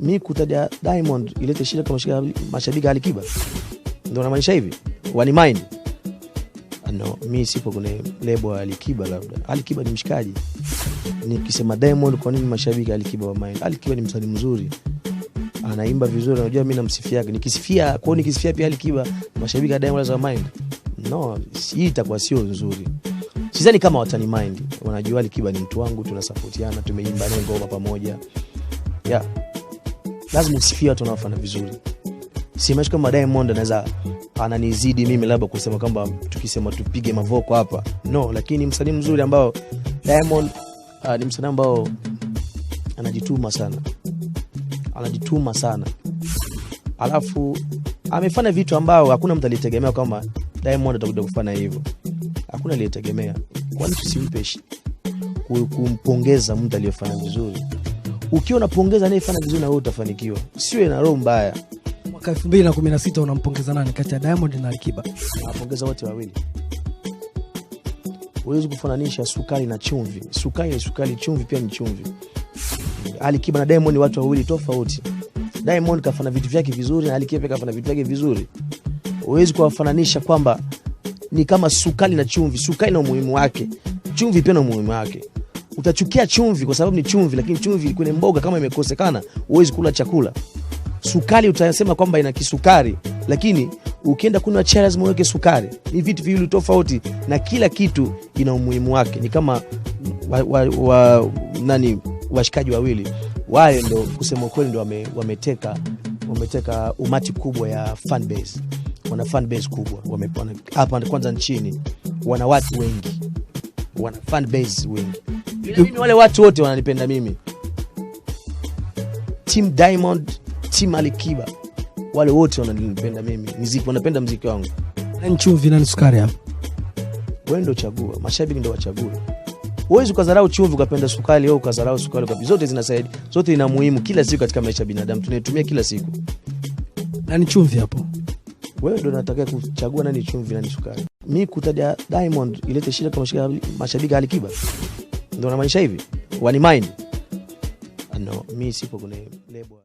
mi kutaja Diamond ilete shida kwa mashabiki Alikiba, ndio namaanisha hivi wani wanimine ah, No, mi sipo kwenye lebo ya Alikiba. Labda Alikiba ni mshikaji, nikisema Diamond, kwa nini mashabiki Alikiba wamaini? Alikiba ni msanii mzuri, anaimba vizuri, najua mi namsifia yake, nikisifia kwao, nikisifia pia Alikiba, mashabiki ya Diamond wa wamaini? No, hii itakuwa sio nzuri. Sizani kama watani mind, wanajua Alikiba ni mtu wangu, tunasapotiana, tumeimba naye ngoma pamoja yeah lazima usifie watu wanaofanya vizuri simaishi kama diamond anaweza ananizidi mimi labda kusema kwamba tukisema tupige mavoko hapa no lakini msanii mzuri ambao diamond uh, ni msanii ambao anajituma sana anajituma sana alafu amefanya vitu ambao hakuna mtu alitegemea kwamba diamond atakuja kufanya hivyo hakuna aliyetegemea kwani tusimpeshi kumpongeza mtu aliyefanya vizuri ukiwa unampongeza anayefanya vizuri na wewe utafanikiwa, siwe na roho mbaya. Mwaka 2016 unampongeza nani kati ya Diamond na Alikiba? Napongeza wote wawili. Huwezi kufananisha sukari na chumvi. Sukari ni sukari, chumvi pia ni chumvi. Alikiba na Diamond ni watu wawili tofauti. Diamond kafana vitu vyake vizuri na Alikiba pia kafanya vitu vyake vizuri. Huwezi kuwafananisha kwamba ni kama sukari na chumvi. Sukari na umuhimu wake, chumvi pia na umuhimu wake. Utachukia chumvi kwa sababu ni chumvi, lakini chumvi kwenye mboga kama imekosekana huwezi kula chakula. Sukari utasema kwamba ina kisukari, lakini ukienda kunywa chai lazima uweke sukari. Ni vitu viwili tofauti, na kila kitu ina umuhimu wake. Ni kama wa, wa, wa, nani washikaji wawili wale, ndo kusema ukweli, ndo wame, wameteka wameteka umati kubwa ya fanbase Wana fanbase kubwa wame, hapa kwanza nchini wana watu wengi, wana fanbase wengi. Bila yaani mimi wale watu wote wananipenda mimi. Team Diamond, Team Alikiba, wale wote wananipenda mimi. Muziki wanapenda muziki wangu. Nani chumvi nani sukari hapa? Wewe ndo chagua, mashabiki ndo wachagua uwezi ukadharau chumvi ukapenda sukari au ukadharau sukari ukapenda. Zote zinasaidi zote ina muhimu kila siku katika maisha ya binadamu, tunaitumia kila siku. Nani chumvi hapo? Wewe ndo unatakiwa kuchagua nani chumvi nani sukari. Mimi kutaja Diamond ilete shida kwa mashabiki Alikiba. Ndio namaanisha hivi, wanimine ah, no, mi sipo kwenye lebo.